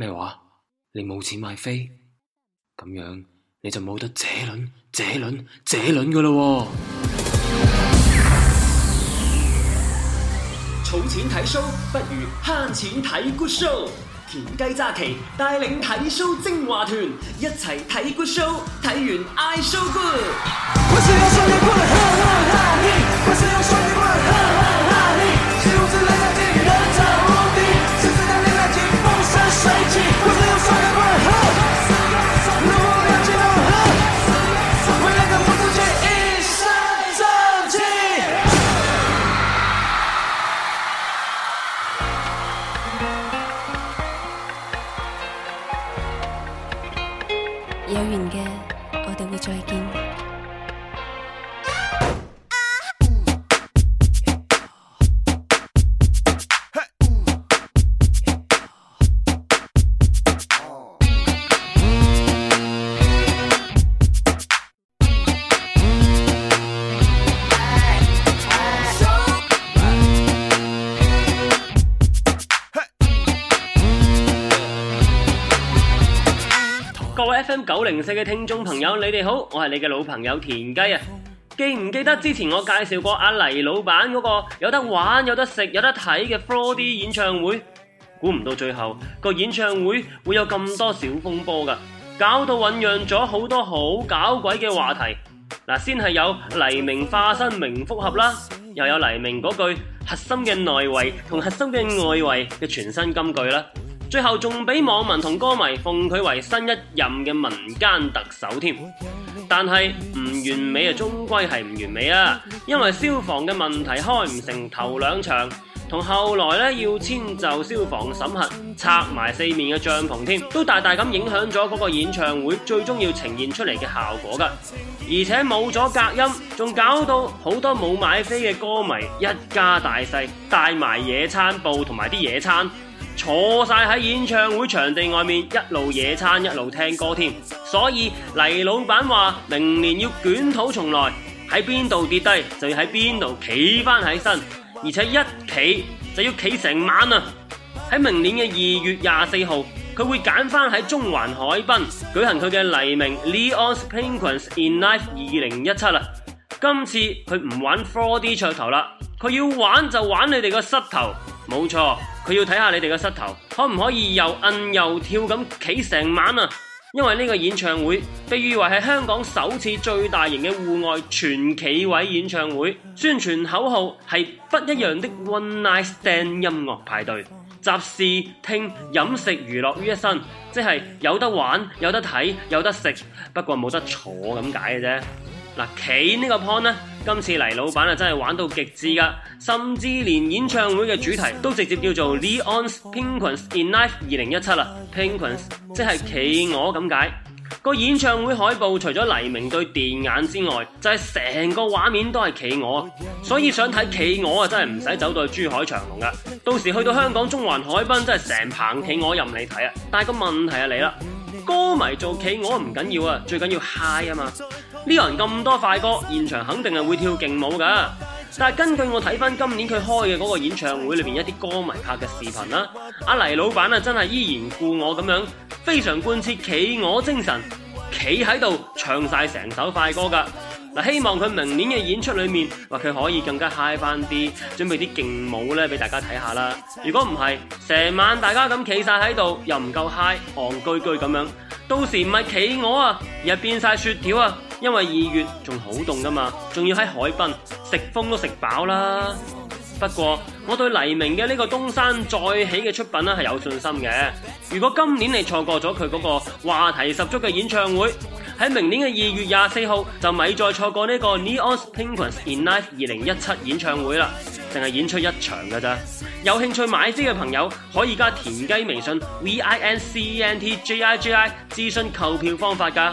咩話？你冇錢買飛，咁樣你就冇得這輪、這輪、這輪噶啦、哦！㖏，儲錢睇 show 不如慳錢睇 good show，田雞揸旗帶領睇 show 精華團，一齊睇 good show，睇完嗌 show good。 有緣嘅，我哋會再見。各位 FM 九零四嘅聽眾朋友，你哋好，我係你嘅老朋友田雞啊！記唔記得之前我介紹過阿黎老闆嗰個有得玩、有得食、有得睇嘅 Four D 演唱會？估唔到最後個演唱會會有咁多小風波噶，搞到醞釀咗好多好搞鬼嘅話題。嗱，先係有黎明化身名複合啦，又有黎明嗰句核心嘅內圍同核心嘅外圍嘅全新金句啦。最後仲俾網民同歌迷奉佢為新一任嘅民間特首添，但係唔完美啊，終歸係唔完美啊！因為消防嘅問題開唔成頭兩場，同後來咧要遷就消防審核拆埋四面嘅帳篷添，都大大咁影響咗嗰個演唱會最終要呈現出嚟嘅效果噶，而且冇咗隔音，仲搞到好多冇買飛嘅歌迷一家大細帶埋野餐布同埋啲野餐，坐晒喺演唱會場地外面，一路野餐，一路聽歌添。所以黎老闆話：明年要捲土重來，喺邊度跌低就要喺邊度企翻起身，而且一企就要企成晚啊！喺明年嘅二月廿四號，佢會揀翻喺中環海濱舉行佢嘅黎明《Leon's Penguins in Life》二零一七啊！今次佢唔玩 4D 噱頭啦，佢要玩就玩你哋個膝頭，冇錯。佢要睇下你哋嘅膝頭可唔可以又韌又跳咁企成晚啊！因為呢個演唱會被譽為係香港首次最大型嘅戶外全企位演唱會，宣傳口號係不一樣的 One Night Stand 音樂派對，集視聽、飲食、娛樂於一身，即係有得玩、有得睇、有得食，不過冇得坐咁解嘅啫。嗱，企呢個 point 呢，今次黎老闆啊真係玩到極致噶，甚至連演唱會嘅主題都直接叫做《Leon's Penguins In Life 2017》啦，Penguins Pink 即係企鵝咁解。個演唱會海報除咗黎明對電眼之外，就係、是、成個畫面都係企鵝，所以想睇企鵝啊，真係唔使走到去珠海長隆噶，到時去到香港中環海濱，真係成棚企鵝任你睇啊！但係個問題啊你啦～歌迷做企鵝唔緊要啊，最緊要嗨啊嘛！呢個人咁多快歌，現場肯定係會跳勁舞噶。但係根據我睇翻今年佢開嘅嗰個演唱會裏面一啲歌迷拍嘅視頻啦，阿黎老闆啊真係依然故我咁樣，非常貫徹企鵝精神，企喺度唱晒成首快歌噶。希望佢明年嘅演出裏面，話佢可以更加嗨翻啲，準備啲勁舞咧俾大家睇下啦。如果唔係，成晚大家咁企晒喺度，又唔夠嗨，憨居居咁樣，到時唔係企鵝啊，而係變晒雪條啊，因為二月仲好凍噶嘛，仲要喺海濱食風都食飽啦。不過我對黎明嘅呢個東山再起嘅出品咧係有信心嘅。如果今年你錯過咗佢嗰個話題十足嘅演唱會，喺明年嘅二月廿四號就咪再錯過呢個 Neons Pinkers in Life 二零一七演唱會啦，淨係演出一場嘅咋。有興趣買飛嘅朋友可以加田雞微信 v i n c e n t j i g i g i 諮詢購票方法㗎。